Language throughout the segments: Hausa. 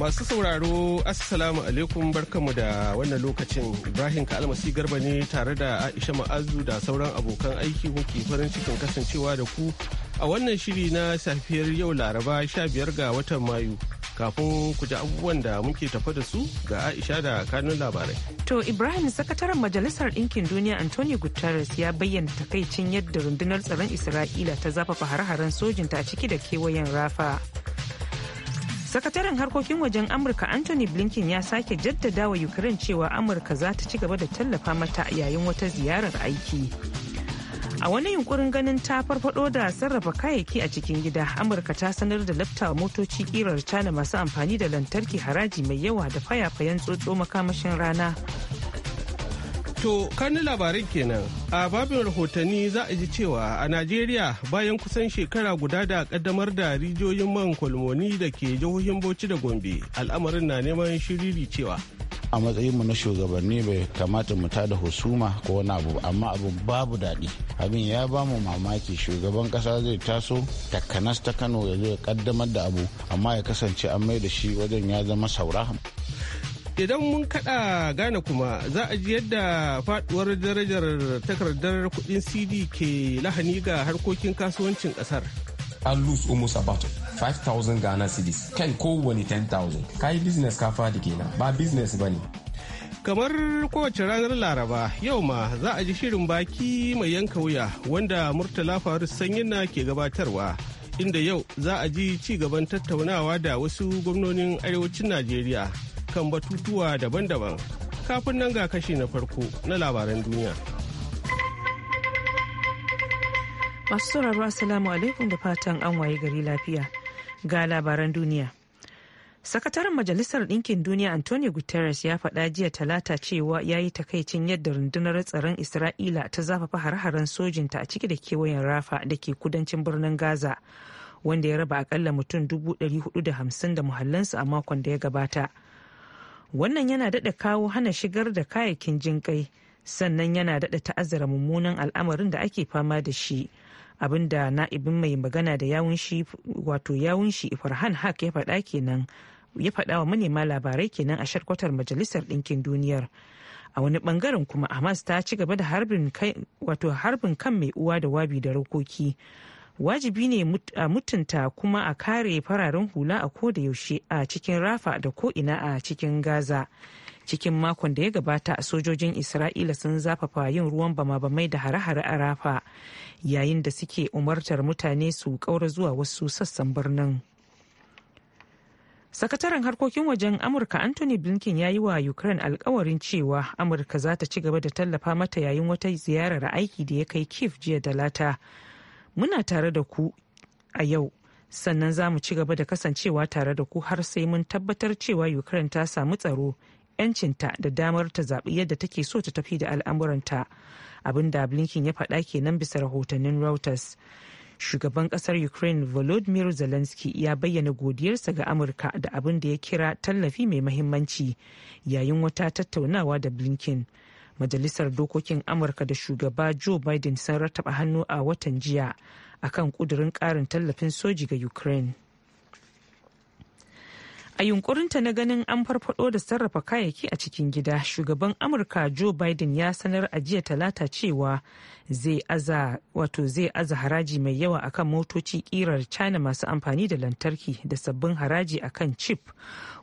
Masu sauraro Assalamu alaikum barkamu da wannan lokacin Ibrahim Almasi Garba ne tare da Aisha Ma'azu da sauran abokan aiki muke farin cikin kasancewa da ku a wannan shiri na safiyar yau Laraba 15 ga watan Mayu. Kafin ku ji abubuwan da muke tafa da su ga Aisha da kanun labarai. To Ibrahim sakataren Majalisar Dinkin Duniya Antonio Guterres ya bayyana takaicin yadda rundunar tsaron Isra'ila ta zafafa har-haren sojinta a ciki da kewayen Rafa. sakataren harkokin wajen amurka anthony blinken ya sake jaddadawa wa ukraine cewa amurka za ta ci gaba da tallafa mata yayin wata ziyarar aiki a wani yunkurin ganin ta farfado da sarrafa kayayyaki a cikin gida amurka ta sanar da lafta motoci kirar china masu amfani da lantarki haraji mai yawa da fayafayen tsotso makamashin rana To, karni labarin kenan. A babin rahotanni za a ji cewa a Najeriya bayan kusan shekara guda da kaddamar da rijiyoyin man kwalmoni da ke jihohin Bauchi da Gombe, al'amarin na neman shiriri cewa. A matsayinmu na shugabanni bai kamata mu tada husuma ko wani abu amma abu babu daɗi. Abin ya ba mu mamaki shugaban ƙasa zai taso takanas ta Kano ya zo ya kaddamar da abu amma ya kasance an mai da shi wajen ya zama saura. idan mun kada gane kuma za a ji yadda faduwar darajar takardar kudin CD ke lahani ga harkokin kasuwancin kasar. An lose almost about 5,000 Ghana cedis kai kowane 10,000 kai business ka fadi kenan ba business ba ne. Kamar kowace ranar Laraba yau ma za a ji shirin baki mai yanka wuya wanda Murtala Faris Sanyina ke gabatarwa. Inda yau za a ji ci gaban tattaunawa da wasu gwamnonin arewacin Najeriya kan batutuwa daban-daban kafin nan ga kashi na farko na labaran duniya. Masu sauraro Assalamu alaikum da fatan an waye gari lafiya ga labaran duniya. Sakataren Majalisar Ɗinkin Duniya Antonio Guterres ya faɗa jiya talata cewa ya yi takaicin yadda rundunar tsaron Isra'ila ta zafafa har-haren sojinta a ciki da kewayen Rafa da ke kudancin birnin Gaza. wanda ya raba akalla mutum 450 da muhallansu a makon da ya gabata wannan yana dada kawo hana shigar da kayayyakin kai sannan yana dada ta'azzara mummunan al'amarin da ake fama da shi abinda na'ibin mai magana da yawun shi wato yawun shi farhan ya faɗa kenan ya faɗa wa manema labarai kenan a sharkwatar majalisar ɗinkin duniyar a wani bangaren kuma hamas ta ci gaba da harbin kan mai uwa da wabi da rokoki wajibi ne a mutunta kuma a kare fararen hula a koda yaushe a cikin rafa da ko'ina a cikin gaza cikin makon da ya gabata a sojojin isra'ila sun zafafa yin ruwan bama-bamai da hare-hare a rafa yayin da suke umartar mutane su kaura zuwa wasu sassan birnin sakataren harkokin wajen amurka anthony blinken ya yi wa ukraine alkawarin cewa amurka za ta ci gaba da tallafa mata yayin wata ziyarar aiki da ya kai kif jiya da lata muna tare da ku a yau sannan za mu ci gaba da kasancewa tare da ku har sai mun tabbatar cewa ukraine ta samu tsaro yancinta da damar ta zaɓi yadda take so ta tafi da al'amuranta abin da blinken ya faɗa kenan bisa rahotannin reuters shugaban ƙasar ukraine volodymyr zelensky ya bayyana godiyarsa ga amurka da abin da ya kira tallafi mai mahimmanci yayin wata tattaunawa da blinken majalisar dokokin amurka da shugaba joe biden sun rataba hannu a watan jiya akan kudurin karin tallafin soji ga ukraine a yunkurinta na ganin an farfado da sarrafa kayayyaki a cikin gida shugaban amurka joe biden ya sanar a jiya talata cewa zai aza wato zai aza haraji mai yawa akan motoci kirar china masu amfani da lantarki da sabbin haraji akan chip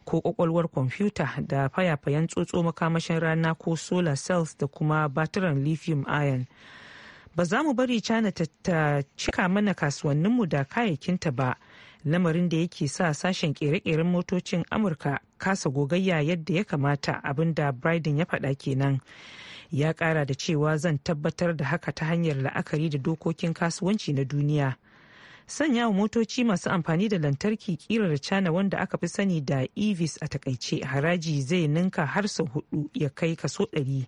ko kwakwalwar kwamfuta da fayafayen tsotso makamashin rana ko solar cells da kuma batiran lithium ion ba za mu bari china ta cika mana kasuwanninmu da kayayyakinta ba lamarin da yake sa sashen kere-keren motocin amurka kasa gogayya yadda ya kamata abinda biden ya faɗa kenan ya ƙara da cewa zan tabbatar da haka ta hanyar la'akari da dokokin kasuwanci na duniya sanya wa motoci masu amfani da lantarki kirar cana wanda aka fi sani da evis a takaice haraji zai ninka har sau hudu ya kai kaso ɗari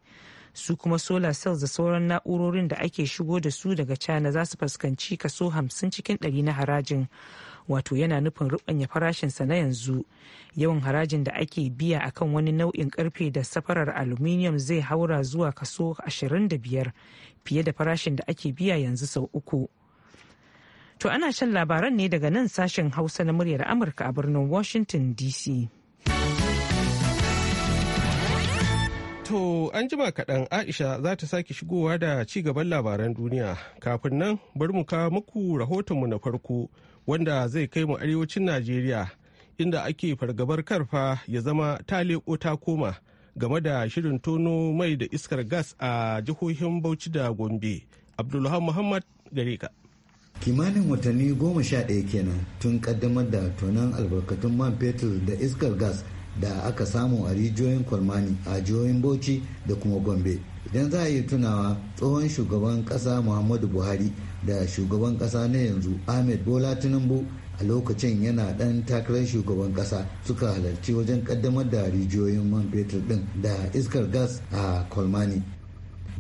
su kuma solar cells da sauran na'urorin da ake shigo da su daga cana za su fuskanci kaso hamsin cikin ɗari na harajin wato yana nufin rubanya farashinsa na yanzu yawan harajin da ake biya akan wani nau'in karfe da safarar aluminium zai haura zuwa kaso 25 fiye da farashin da ake biya yanzu sau uku to ana shan labaran ne daga nan sashen hausa na muryar amurka a birnin washington dc To an jima kaɗan Aisha za ta sake shigowa da ci gaban labaran duniya. Kafin nan bari mu kawo muku rahotonmu na farko wanda zai kai mu arewacin Najeriya inda ake fargabar karfa ya zama ta leƙo ta koma game da shirin tono mai da iskar gas a jihohin Bauchi da Gombe. abdulham Muhammad gare ka. kimanin watanni goma sha ɗaya kenan tun kaddamar da tonon albarkatun man fetur da iskar gas da aka samu a rijiyoyin kwalmani a jihohin bauchi da kuma gombe idan za a yi tunawa tsohon shugaban kasa muhammadu buhari da shugaban kasa na yanzu ahmed bola tinubu a lokacin yana dan takarar shugaban kasa suka halarci wajen kaddamar da rijiyoyin man fetur din da iskar gas a kwalmani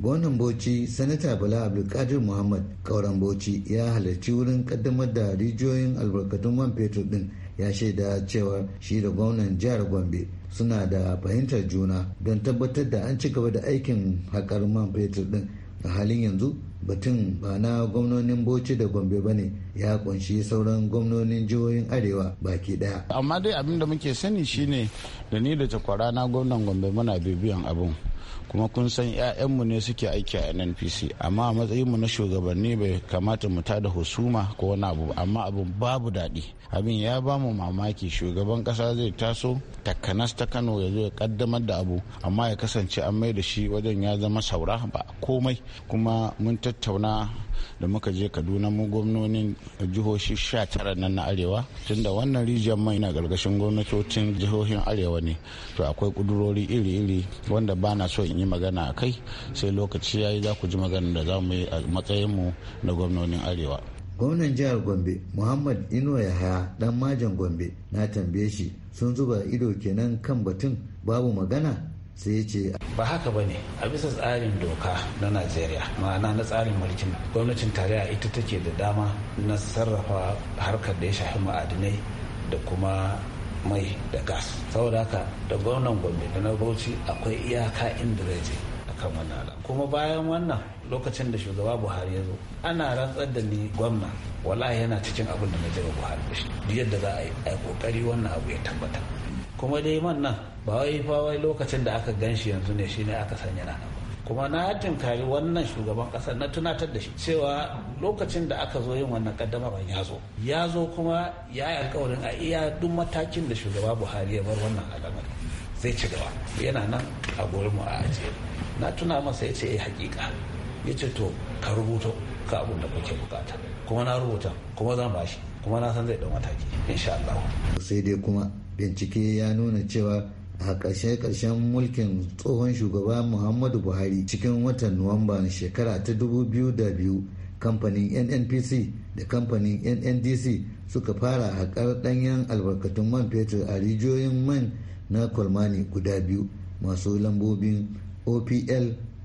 gwamnan bauchi sanata bala abdulkadir muhammad kauran bauchi ya halarci wurin kaddamar da rijiyoyin albarkatun man fetur din ya shaida cewa shi da gwamnan jihar gombe suna da fahimtar juna don tabbatar da an ci gaba da aikin haƙar man fetur din a halin yanzu batun ba na gwamnonin bauchi da gombe ba ne ya kunshi sauran gwamnonin jihohin arewa baki daya amma dai abin da muke sani shine da ni da takwara na gwamnan gombe muna bibiyan abin kuma kun san 'ya'yanmu ne suke aiki a nnpc amma a matsayinmu na shugabanni bai kamata mu ta da husuma ko wani abu amma abu babu daɗi abin ya ba mu mamaki shugaban ƙasa zai taso takanas ta kano ya zo ya kaddamar da abu amma ya kasance an mai da shi wajen ya zama saura ba komai kuma mun tattauna da muka je kaduna mu gwamnonin jihohi sha tara nan na arewa tunda wannan rijiyar mai na gargashin gwamnatocin jihohin arewa ne to akwai kudurori iri-iri wanda ba na so in yi magana a kai sai lokaci ya yi za ku ji magana da za mu yi a matsayin mu na gwamnonin arewa gwamnan jihar gombe muhammad ino yahaya dan majan gombe na tambaye shi sun zuba ido kenan kan batun babu magana sai ya ce ba haka ba ne a bisa tsarin doka na najeriya ma'ana na tsarin mulkin gwamnatin tarayya ita take da dama na sarrafa harkar da ya shafi ma'adinai da kuma mai da gas saboda haka da gwamnan gombe da na bauchi akwai iyaka inda zai je a wani wannan kuma bayan wannan lokacin da shugaba buhari ya zo ana rantsar da ni gwamna wala yana cikin abin da na jira buhari da shi yadda za a yi kokari wannan abu ya tabbata kuma dai man nan ba wai fa wai lokacin da aka ganshi yanzu ne shine aka sanya na kuma na tunkari wannan shugaban kasar na tunatar da shi cewa lokacin da aka zo yin wannan ban ya zo ya zo kuma ya yi alkawarin a iya duk matakin da shugaba buhari ya bar wannan alamar zai ci gaba yana nan a gurin mu a ajiye na tuna masa ya ce eh hakika ya ce to ka rubuto ka abun da kuke bukata kuma na rubuta kuma zan bashi kuma na san zai ɗau mataki insha Allah. sai dai kuma bincike ya nuna cewa a ƙarshe ƙarshen mulkin tsohon shugaba muhammadu buhari cikin watan nuwamba shekara ta 2002 kamfanin nnpc da kamfanin nndc suka fara haƙar ɗanyen albarkatun man fetur a rijiyoyin man na kwalmani guda biyu masu lambobin opl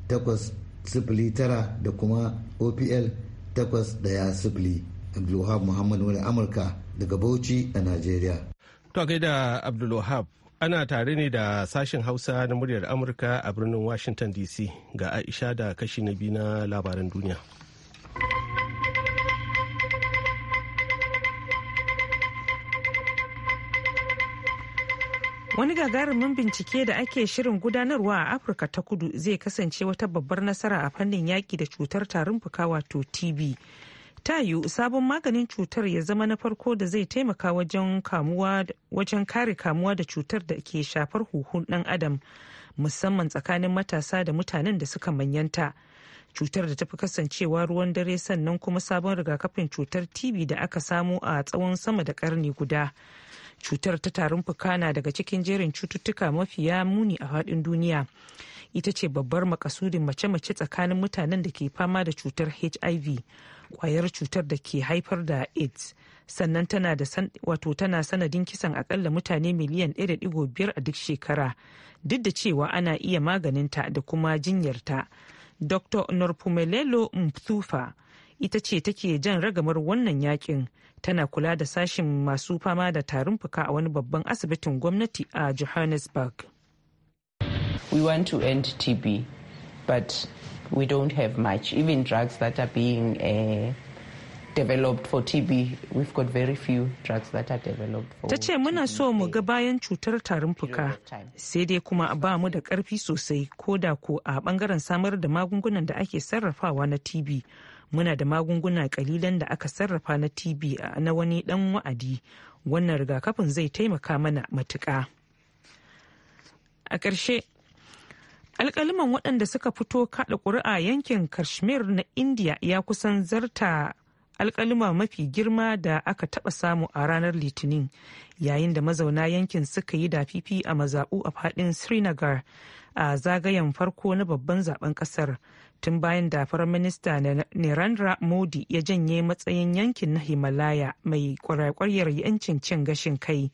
8 tara da kuma opl 8 1 Abdulwahab Muhammad wani Amurka daga Bauchi a Najeriya. To kai da Abdulwahab ana tare ne da sashen Hausa na muryar Amurka a birnin Washington DC ga Aisha da kashi na biyu na labaran duniya. Wani gagarumin bincike da ake shirin gudanarwa a Afirka ta kudu zai kasance wata babbar nasara a fannin yaƙi da cutar tarin fuka wato TB ta yiwu sabon maganin cutar ya zama na farko da zai taimaka wajen kare kamuwa da cutar da ke shafar huhun dan adam musamman tsakanin matasa da mutanen da suka manyanta cutar da tafi kasancewa ruwan dare sannan kuma sabon rigakafin cutar tb da aka samu a tsawon sama da karni guda cutar ta tarin fuka na daga cikin jerin cututtuka mafiya muni a faɗin duniya ita ce babbar makasudin mace-mace tsakanin mutanen da ke fama da cutar hiv kwayar cutar da ke haifar da aids sannan tana da wato tana sanadin kisan akalla mutane miliyan 1.5 a duk shekara duk da cewa ana iya maganinta da kuma jinyarta dr norpumelelo mthufa ita ce take jan ragamar wannan yakin tana kula da sashin masu fama da tarin fuka a wani babban asibitin gwamnati a johannesburg we want to end tb but we don't have much. Even drugs that are being uh, developed for TB, we've got very few drugs that are developed for Ta ce muna so mu ga bayan cutar tarin fuka sai dai kuma ba mu da ƙarfi sosai ko da ko a bangaren samar da magungunan da ake sarrafawa na TB. Muna da magunguna kalilan da aka sarrafa na TB na wani dan wa'adi. Wannan rigakafin zai taimaka mana matuƙa. A ƙarshe alkaliman waɗanda suka fito kaɗa ƙuri'a yankin kashmir na india ya kusan zarta alkalima mafi girma da aka taɓa samu a ranar litinin yayin da mazauna yankin suka yi dafifi a mazaɓu a faɗin srinagar a zagayen farko na babban zaben ƙasar tun bayan da firaminista Narendra Modi ya janye matsayin yankin na Himalaya mai kwarakwayar yancin cin gashin kai.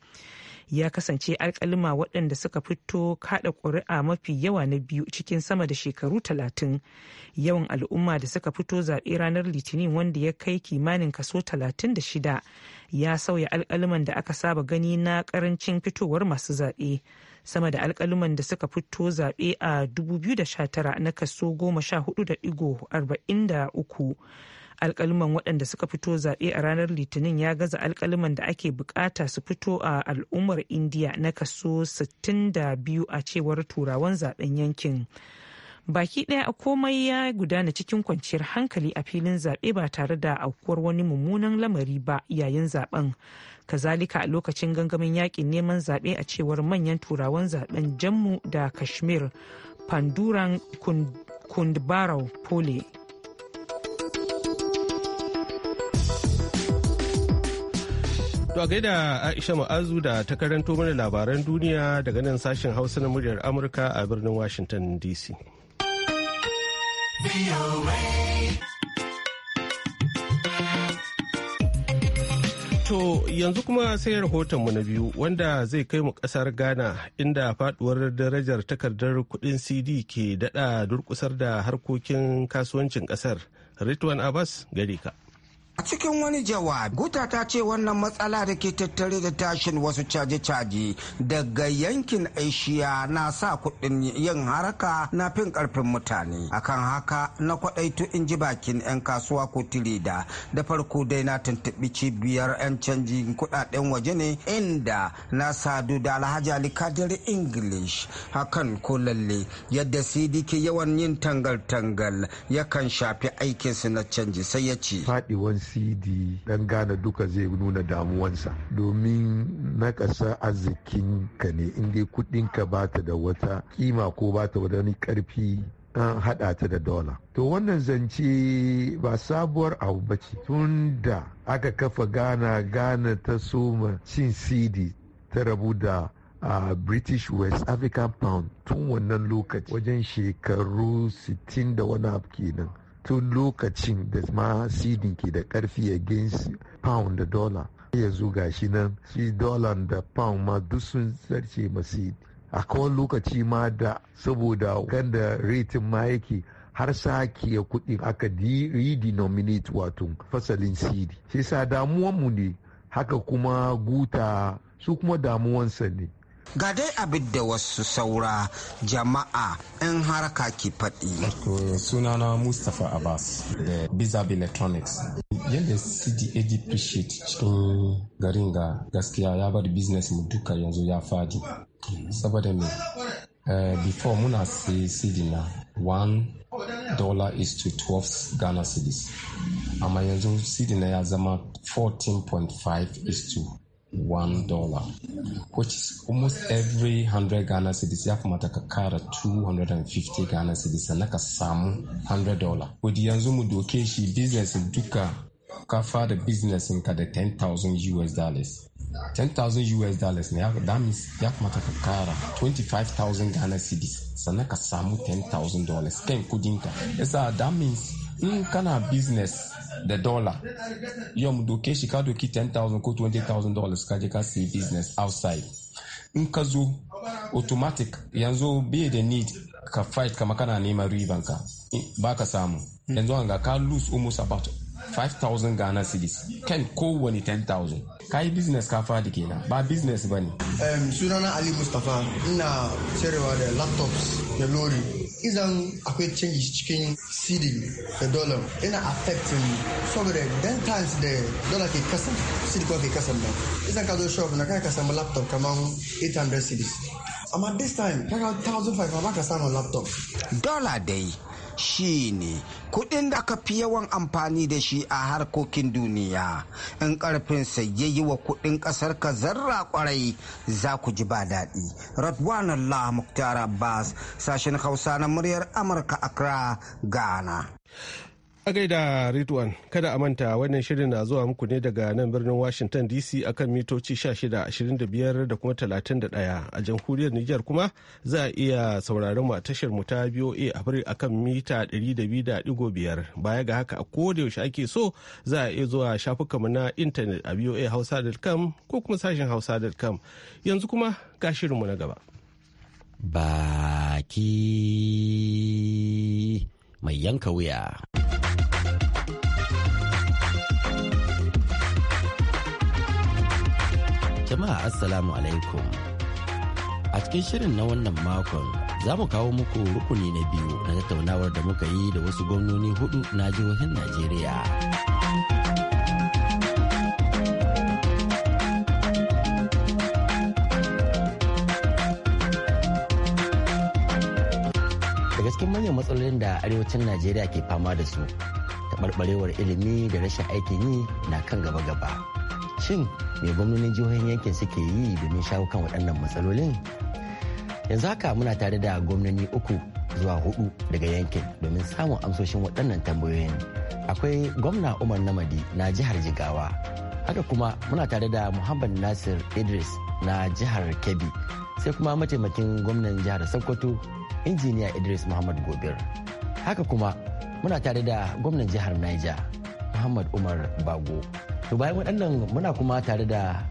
ya kasance alkalima waɗanda suka fito kada ƙuri'a mafi yawa na biyu cikin sama da shekaru talatin yawan al'umma da suka fito zaɓe ranar litinin wanda ya kai kimanin kaso talatin da shida ya sauya alkaliman da aka saba gani na ƙarancin fitowar masu zaɓe sama da alkaliman da suka fito zaɓe a 2019 na kaso 14.43 alkaliman waɗanda suka fito zaɓe a ranar litinin ya gaza alkaliman da ake bukata su fito a al'ummar indiya na kaso 62 a cewar turawan zaben yankin baki ɗaya a komai ya gudana cikin kwanciyar hankali a filin zaɓe ba tare da aukuwar wani mummunan lamari ba yayin zaben kazalika a lokacin gangamin yakin neman zaɓe a cewar manyan turawan zaben jammu da kashmir panduran kundbarau pole To a gaida Aisha Ma'azu da ta karanto mana labaran duniya daga nan sashen Hausa na muryar Amurka a birnin Washington DC. To yanzu kuma sai rahotonmu na biyu wanda zai kai mu kasar Ghana inda faduwar darajar takardar kudin CD ke dada durkusar da harkokin kasuwancin kasar. Ritwan Abbas gare ka. A cikin wani jawabi, Guta ta ce wannan matsala da ke tattare da tashin wasu caje-caje daga yankin Aishiya na sa kuɗin yin haraka na fin karfin mutane. Akan haka na kwaɗaito in ji bakin 'yan kasuwa ko tireda. Da farko dai na tuntuɓi cibiyar 'yan canji kudaden waje ne inda na sadu da Alhaji Ali English. Hakan ko lalle yadda CD ke yawan yin tangal-tangal yakan shafi aikinsu na canji sai ya ce. cd dan gane duka zai nuna damuwansa domin na kasa arzikin ka ne inda kudin ka bata da wata kima ko bata wata wani karfi an haɗa ta da dola to wannan zance ba sabuwar abu ba ce tun da aka kafa gana gana ta soma cin cd ta rabu da a uh, british west african pound tun wannan lokaci wajen shekaru 60 da wani abu kenan tun lokacin da ma sidin ke da karfi against pound da dollar yanzu ga shi nan shi dollar da pound ma duk sun zarce masid a kawon lokaci ma da saboda kan da ma yake har sake kudin aka redenominate wato fasalin sidi shi sa damuwanmu ne haka kuma guta su kuma damuwansa ne ga dai abin da wasu saura jama'a 'yan harka ke faɗi. sunana mustapha abbas da bizab electronics yadda cdag appreciate cikin garin ga gaskiya ya bar business mu duka yanzu ya fadi saboda me eh, before muna sai cd na dollar is to 12 ghana cedis amma yanzu cd na ya zama 14.5 is to one dollar, which is almost every hundred Ghana cedis. Ya kamata kara two hundred and fifty Ghana cedis sannan ka samu hundred dollar. Wadda yanzu mu doke shi business duka kafa the business in ka ten thousand US dollars. ten thousand US dollars ne that means ya kamata kara twenty five thousand Ghana cedis sannan ka samu ten thousand dollars Ken kudinka. Esa that means in kana business da dola yau mu doke shi ka doki 10,000 ko 20,000 dollars ka je ka see business outside in ka zo automatic yanzu be the need ka fight kama kana neman riban ka ba ka samu yanzu an ga ka lose almost about 5,000 Ghana cedis cities kan kowane 10,000 ka yi business ka fadi kenan ba business ba ne um, sunana ali mustapha ina cerewa da laptops da lori Isang akwai canji cikin cd da dollar yana affecting saboda den uh, times da dollar ke kasan cd ko ke kasan nan izan ka zo shop na kai ka samu laptop kamar 800 cds amma this time kaga 1500 ba ka samu laptop dollar dai Shi ne kuɗin da aka fi yawan amfani da shi a harkokin duniya in ƙarfinsa ya yi wa kuɗin ƙasar ka zarra kwarai za ku ji ba daɗi radwan allah muktar abbas sashen hausa na muryar amurka accra ghana A gaida Ridwan, kada a manta wannan shirin na zuwa muku ne daga nan birnin Washington DC akan mitoci 1625 da kuma 31 a jamhuriyar Nijar kuma za a iya sauraron mu a tashar mu ta BOA Africa akan mita 200.5 baya ga haka a koda yaushe ake so za a iya zuwa shafukan mu na intanet a Hausa.com ko kuma sashen hausa.com yanzu kuma ga shirinmu na gaba. Baki mai yanka wuya. Jama'a Assalamu alaikum. A cikin shirin na wannan makon za mu kawo muku rukuni na biyu na tattaunawar da muka yi da wasu gwamnoni hudu na jihohin Najeriya. Daga cikin manyan matsalolin da arewacin Najeriya ke fama da su taɓarɓarewar ilimi da rashin aikin yi na kan gaba-gaba shin me gwamnonin jihohin yankin suke yi domin shawo kan waɗannan matsalolin yanzu haka muna tare da gwamnoni uku zuwa hudu daga yankin domin samun amsoshin waɗannan tambayoyin akwai gwamna umar namadi na jihar jigawa haka kuma muna tare da muhammad nasir idris na jihar kebbi sai kuma mataimakin gwamnan jihar sokoto injiniya idris muhammad gobir haka kuma muna tare da gwamnan jihar Niger Muhammad Umar Bago. To bayan waɗannan muna kuma tare da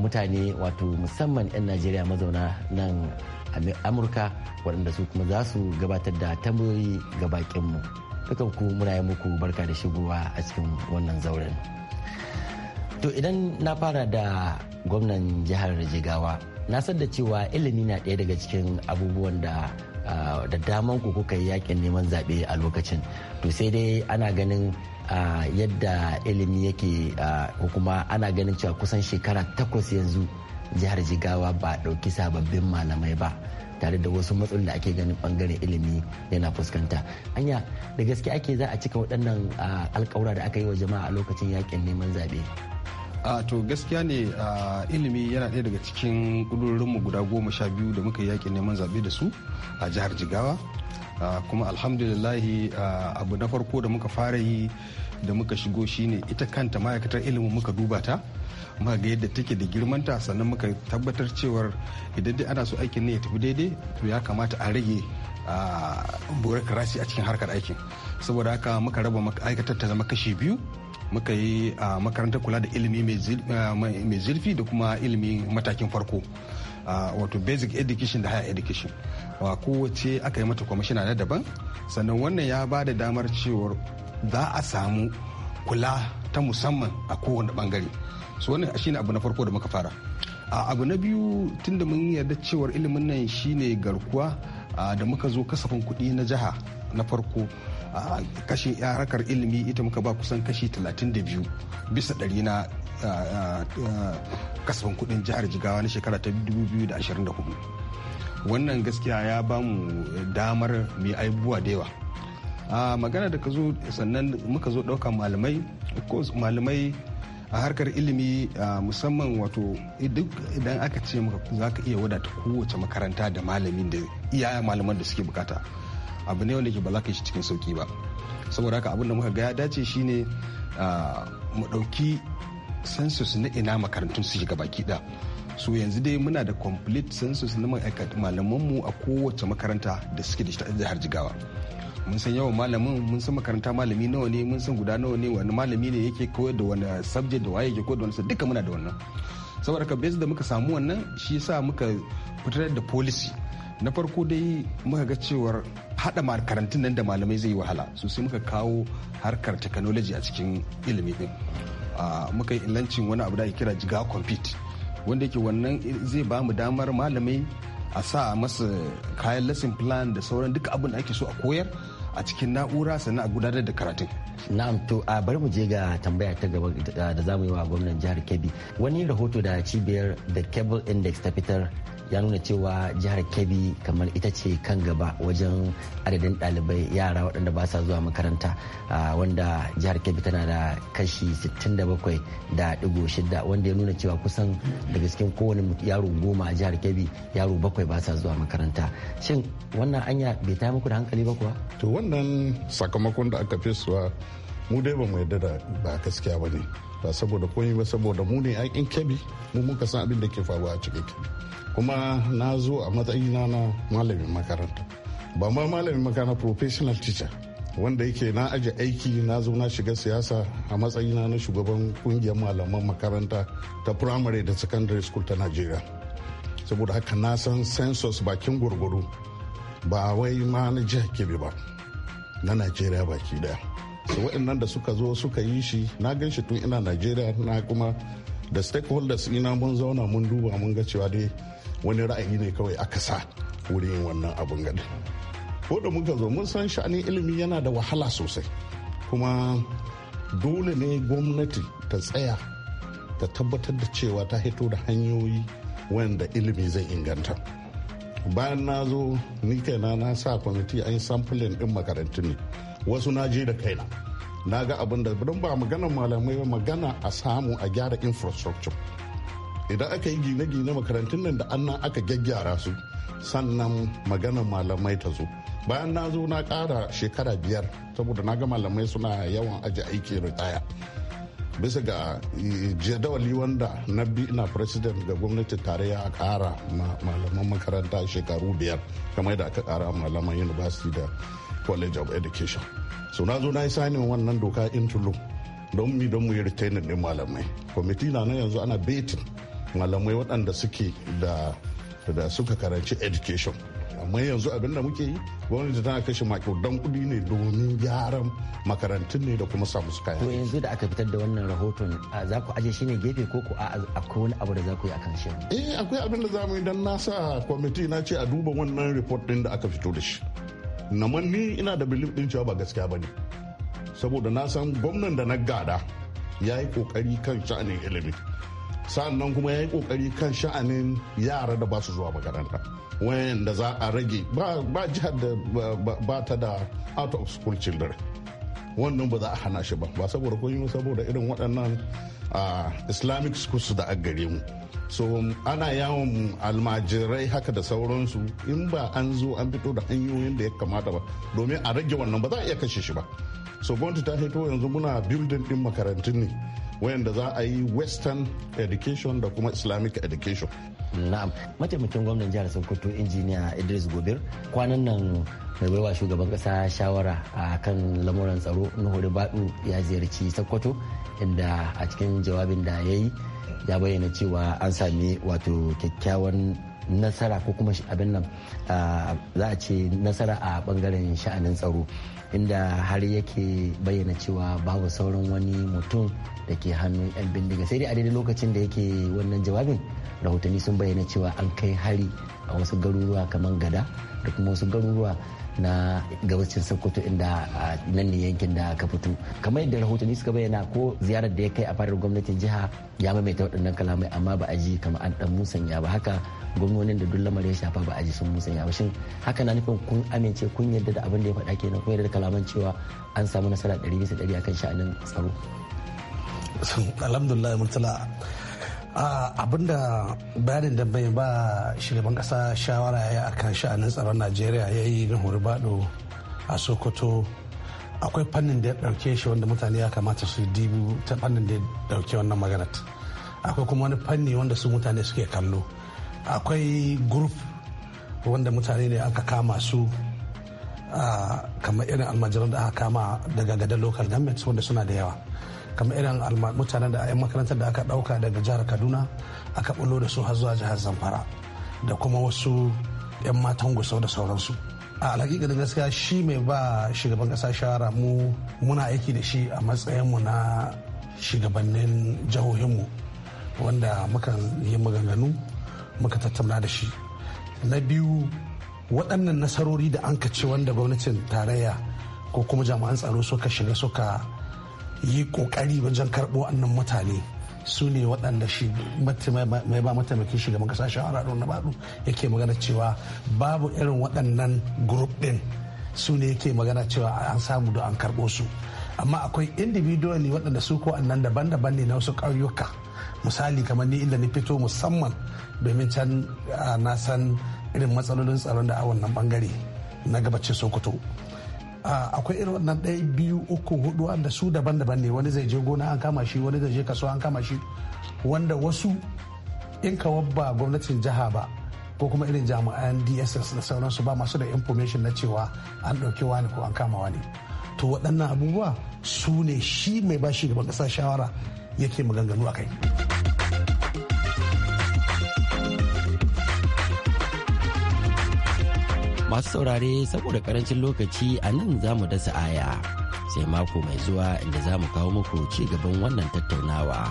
mutane wato musamman 'yan Najeriya mazauna nan Amurka waɗanda su kuma za su gabatar da tambayoyi ga bakinmu. Dukan ku muna yi muku barka da shigowa a cikin wannan zauren. To idan na fara da gwamnan jihar Jigawa, na san da cewa ilimi na ɗaya daga cikin abubuwan da da daman ku kuka yi yakin neman zaɓe a lokacin to sai dai ana ganin yadda ilimi yake ko kuma ana ganin cewa kusan shekara takwas yanzu jihar jigawa ba ɗauki sababbin malamai ba tare da wasu matsalolin da ake ganin bangaren ilimi yana fuskanta anya da gaske ake za a cika waɗannan alkawura da aka yi wa jama'a a lokacin yakin neman zaɓe a to gaskiya ne a ilimi yana ɗaya daga cikin mu guda goma sha biyu da muka yi yaƙin neman zaɓe da su a jihar jigawa kuma alhamdulillahi abu na farko da muka fara yi da muka shigo shine ita kanta ma'aikatar ilimin muka duba ta muka ga yadda take da girmanta sannan muka tabbatar cewar idan dai ana so aikin ne ya tafi daidai to ya kamata a rage bureaucracy a cikin harkar aikin saboda haka muka raba ma'aikatar ta zama kashi biyu muka yi a makarantar kula da ilimi mai zurfi da kuma ilimi matakin farko wato basic education da higher education wa kowace aka yi mata kwamishina na daban sannan wannan ya ba da damar cewar za a samu kula ta musamman a kowane bangare su wannan ne abu na farko da muka fara abu na biyu tunda mun yarda cewar ilimin nan shine garkuwa da muka zo kasafin kuɗi na jiha na farko a ya harkar ilimi ita muka ba kusan kashi 32 bisa ɗari na kasafin kudin jihar jigawa na shekara ta 2024 wannan gaskiya ya ba mu damar mai aibuwa da yawa a magana da ka zo sannan muka zo ɗauka malamai malamai a harkar ilimi musamman wato duk idan aka ce maka za ka iya wadata kowace makaranta da malamin da iyayen malaman da suke bukata abu ne wanda ke ba za ka yi shi cikin sauki ba saboda haka abin da muka ga ya dace shine mu ɗauki census na ina makarantun su shiga baki da so yanzu dai muna da complete census na malamanmu a kowace makaranta da suke da shi har jigawa mun san yawan malamin mun san makaranta malami nawa ne mun san guda nawa ne wani malami ne yake koyar da wani subject da waye yake koyar da wani duka muna da wannan saboda ka da muka samu wannan shi yasa muka fitar da policy na farko dai muka ga cewar haɗa makarantun nan da malamai zai yi wahala sai muka kawo harkar technology a cikin ilimi din muka yi ilancin wani abu da ake kira jiga compete wanda yake wannan zai ba mu damar malamai a sa masa kayan lesson plan da sauran duk abin da ake so a koyar a cikin na'ura sannan a gudanar da karatun. Na'am to a bari mu je ga tambaya ta gaba da zamu yi wa gwamnan jihar Kebbi. Wani rahoto da cibiyar The Cable Index ta fitar ya nuna cewa jihar kebbi kamar ita ce kan gaba wajen adadin dalibai yara waɗanda ba sa zuwa makaranta wanda jihar kebbi tana da kashi 67 da digo shida wanda ya nuna cewa kusan daga cikin kowane yaro goma a jihar kebbi yaro bakwai ba sa zuwa makaranta shin wannan anya bai ta muku da hankali ba kuwa to wannan sakamakon da aka fesuwa mu dai ba mu yarda da ba gaskiya ba ne ba saboda komai ba saboda mu ne aikin kebi mu muka san abin da ke faruwa a cikin kuma na zo a matsayina na malamin makaranta ba ma malamin makaranta professional teacher wanda yake na aje aiki na zo na shiga siyasa a matsayina na shugaban kungiyar malaman makaranta ta primary da secondary school ta najeriya saboda haka na san census bakin gwargwaro ba wai ma na jihar kebe ba na najeriya baki daya su waɗannan da suka zo suka yi shi na gan shi tun ina najeriya na kuma da stakeholders ina mun zauna mun duba mun ga cewa dai wani ra'ayi ne kawai aka sa wurin wannan abun gadi ko da muka zo mun san sha'anin ilimi yana da wahala sosai kuma dole ne gwamnati ta tsaya ta tabbatar da cewa ta hito da hanyoyi wanda ilimi zai inganta bayan na zo ni kaina na sa kwamiti an yi samfulin din makarantu ne wasu na je da kaina na ga abin da don ba magana malamai magana a samu a gyara infrastructure idan aka yi gine-gine makarantun nan da annan aka gyaggyara su sannan maganan malamai ta zo bayan na zo na kara shekara biyar saboda na ga malamai suna yawan aji aiki ritaya bisa ga eh, jadawali wanda na bi ina president ga gwamnati tarayya a kara malaman makaranta shekaru biyar kamar da aka kara malaman university da college of education so na zo na yi sanin wannan doka into law don mi don mu yi retainer din malamai kwamiti na nan yanzu ana betin malamai waɗanda suke da da suka karanci education amma yanzu abin da muke yi gwamnati tana kashe makudan kuɗi ne domin gyaran makarantun ne da kuma samu su kayan to yanzu da aka fitar da wannan rahoton za ku aje shi ne gefe ko ku akwai wani abu da za ku yi akan shi eh akwai abin da za mu yi don na sa kwamiti na ce a duba wannan report din da aka fito da shi naman ni ina da bilif din cewa ba gaskiya ba ne saboda na san gwamnan da na gada ya yi kokari kan sha'anin ilimi sannan kuma ya yi kokari kan sha'anin yara da ba su zuwa makaranta wayanda za a rage ba jihar da ba ta da out of school children wannan ba za a hana shi ba ba saboda kun saboda irin waɗannan islamic schools da gare mu so ana yawon almajirai haka da sauransu in ba an zo an fito da hanyoyin da ya kamata ba domin a rage wannan ba za a iya kashe shi ba so gwamnati ta fito yanzu muna building din makarantun ne wayanda za a yi western education da kuma islamic education na'am mataimakin gwamnan jihar sokoto injiniya idris gobir kwanan nan mai baiwa shugaban kasa shawara a kan lamuran tsaro nuhu badu ya ziyarci sokoto inda a cikin jawabin da ya yi ya bayyana cewa an sami wato kyakkyawan nasara ko kuma abin nan za a ce nasara a bangaren sha'anin tsaro inda har yake bayyana cewa babu sauran wani mutum da ke hannun 'yan bindiga sai dai a daidai lokacin da yake wannan jawabin rahotanni sun bayyana cewa an kai hari a wasu garuruwa kamar gada da kuma wasu garuruwa na gabacin sokoto inda nan ne yankin da ka fito kamar yadda rahotanni suka bayyana ko ziyarar da ya kai a fadar gwamnatin jiha ya maimaita waɗannan kalamai amma ba a ji kamar an dan musanya ba haka gwamnonin da duk lamarin ya shafa ba a ji sun musanya ba shin haka na nufin kun amince kun yarda da abin da ya faɗa kenan kun yarda da kalaman cewa an samu nasara ɗari bisa ɗari akan sha'anin tsaro. alhamdulillah murtala abinda bayanin da bai ba shugaban kasa shawara ya yi a kan sha'anin tsaron najeriya ya yi na horibado a sokoto akwai fannin da ya ɗauke shi wanda mutane ya kamata su dibu ta fannin da ya ɗauke wannan maganat akwai kuma wani fanni wanda su mutane suke kallo akwai group wanda mutane ne aka kama su kamar irin almajiran da aka kama daga gadar local government wanda suna da yawa kamar irin mutanen da a 'yan makarantar da aka dauka daga jihar kaduna aka bulo da su har zuwa jihar zamfara da kuma wasu 'yan matan gusau da sauransu a alhakikanin gaskiya shi mai ba shugaban kasa shawara mu muna aiki da shi a matsayinmu na shugabannin jihohinmu wanda muka yi maganganu muka tattauna da shi na biyu waɗannan nasarori da an ce wanda gwamnatin tarayya ko kuma jami'an tsaro suka shiga suka yi kokari wajen karɓo annan mutane su ne waɗanda shi mai ba mataimakin shugaban kasa shawara don na baɗu yake magana cewa babu irin waɗannan group ɗin su ne yake magana cewa an samu da an karɓo su amma akwai ne waɗanda su ko annan daban-daban ne na wasu ƙauyuka misali kamar ni inda ni fito musamman domin can ah, na san irin matsalolin tsaron da a wannan bangare na gabacin sokoto akwai irin wannan ɗaya biyu uku hudu wanda su daban-daban ne wani zai je gona an kama shi wani zai je kaso an kama shi wanda wasu in kawar ba gwamnatin jiha ba ko kuma irin jami'an dss da sauransu ba masu da information na cewa an ɗauki wani ko an kama wani to waɗannan abubuwa su ne shi mai bashi gaban ƙasa shawara yake maganganu a kai. Masu saurare saboda karancin lokaci a nan za mu dasa aya sai mako mai zuwa inda za mu kawo muku ci gaban wannan tattaunawa.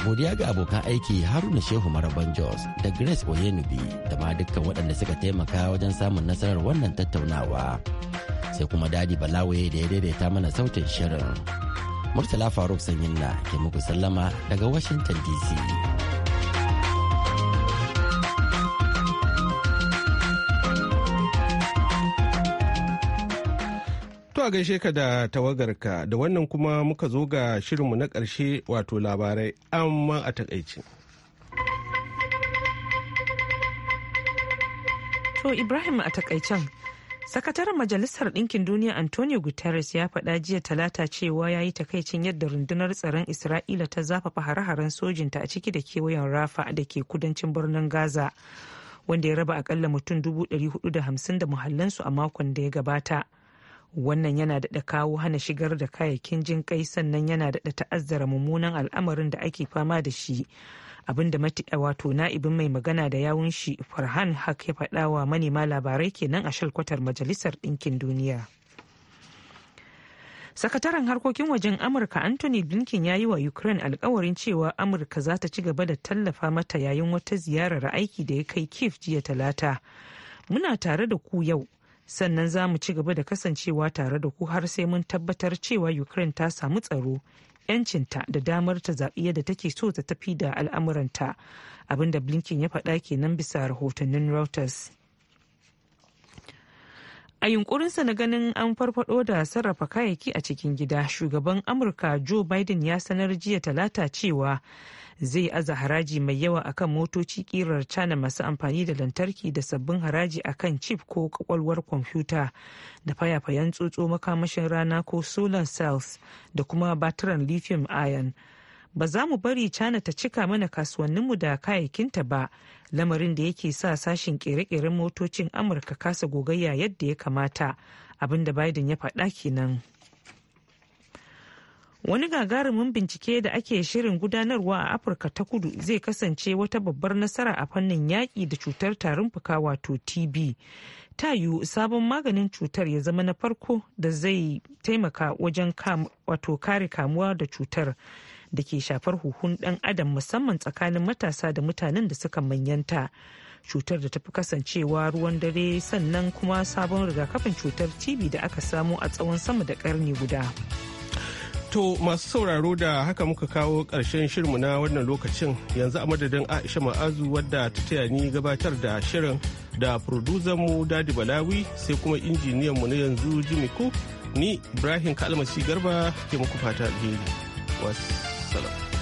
Godiya ga abokan aiki Haruna Shehu Maraban Jos da Grace Oyenubi da ma dukkan waɗanda suka taimaka wajen samun nasarar wannan tattaunawa. Sai kuma Dadi Balawe da ya daidaita mana sautin shirin. Murtala Faruk Sanyin na ke muku sallama daga Washington DC. zuwa gaishe ka da tawagarka da wannan kuma muka zo ga shirinmu na ƙarshe wato labarai amma a takaici. To Ibrahim a takaicen. Sakataren Majalisar Ɗinkin Duniya Antonio Guterres ya faɗa jiya talata cewa ya yi takaicin yadda rundunar tsaron Isra'ila ta zafafa hare-haren sojinta a ciki da kewayen Rafa da ke kudancin birnin Gaza, wanda ya raba akalla mutum 450 da muhallansu a makon da ya gabata. wannan yana daɗa kawo hana shigar da kayayyakin jin kai sannan yana daɗa ta'azzara mummunan al'amarin da ake fama da shi abinda eh, wato na'ibin mai magana da yawun shi farhan hak ya faɗa wa manema labarai kenan a shalkwatar majalisar ɗinkin duniya sakataren harkokin wajen amurka anthony blinken ya yi wa ukraine alkawarin cewa amurka za ta ci gaba da tallafa mata yayin wata ziyarar aiki da ya kai kif jiya talata muna tare da ku yau sannan za mu ci gaba da kasancewa tare da ku har sai mun tabbatar cewa ukraine ta samu tsaro yancinta da damar ta zaɓi yadda take so ta tafi da al'amuranta abinda blinken ya faɗa kenan bisa rahotannin reuters a yunkurinsa na ganin an farfado da sarrafa kayayyaki a cikin gida shugaban amurka joe biden ya sanar jiya talata cewa zai aza haraji mai yawa akan motoci kirar cana masu amfani da lantarki da sabbin haraji akan chip ko kwakwalwar kwamfuta da fayafayen tsotso makamashin rana ko solar cells da kuma batiran lithium ion ba za mu bari cana ta cika mana kasuwanninmu da kayayyakinta ba lamarin da yake sa sashin kere-keren motocin amurka kasa gogayya yadda ya kamata abinda biden ya faɗa kenan wani gagarumin bincike da ake shirin gudanarwa a afirka ta kudu zai kasance wata babbar nasara a fannin yaƙi da cutar tarin fuka wato tb ta yiwu sabon maganin cutar ya zama na farko da zai taimaka wajen kare kamuwa da cutar. da ke shafar huhun dan adam musamman tsakanin matasa da mutanen da suka manyanta cutar da tafi kasancewa ruwan dare sannan kuma sabon rigakafin cutar tb da aka samu a tsawon sama da karni guda to masu sauraro da haka muka kawo ƙarshen shirmu na wannan lokacin yanzu a madadin aisha ma'azu wadda ta taya ni gabatar da shirin da mu dadi balawi sai kuma injiniyan mu na yanzu jimmy cook ni ibrahim kalmasi garba ke muku fata alheri wasu Wassalam.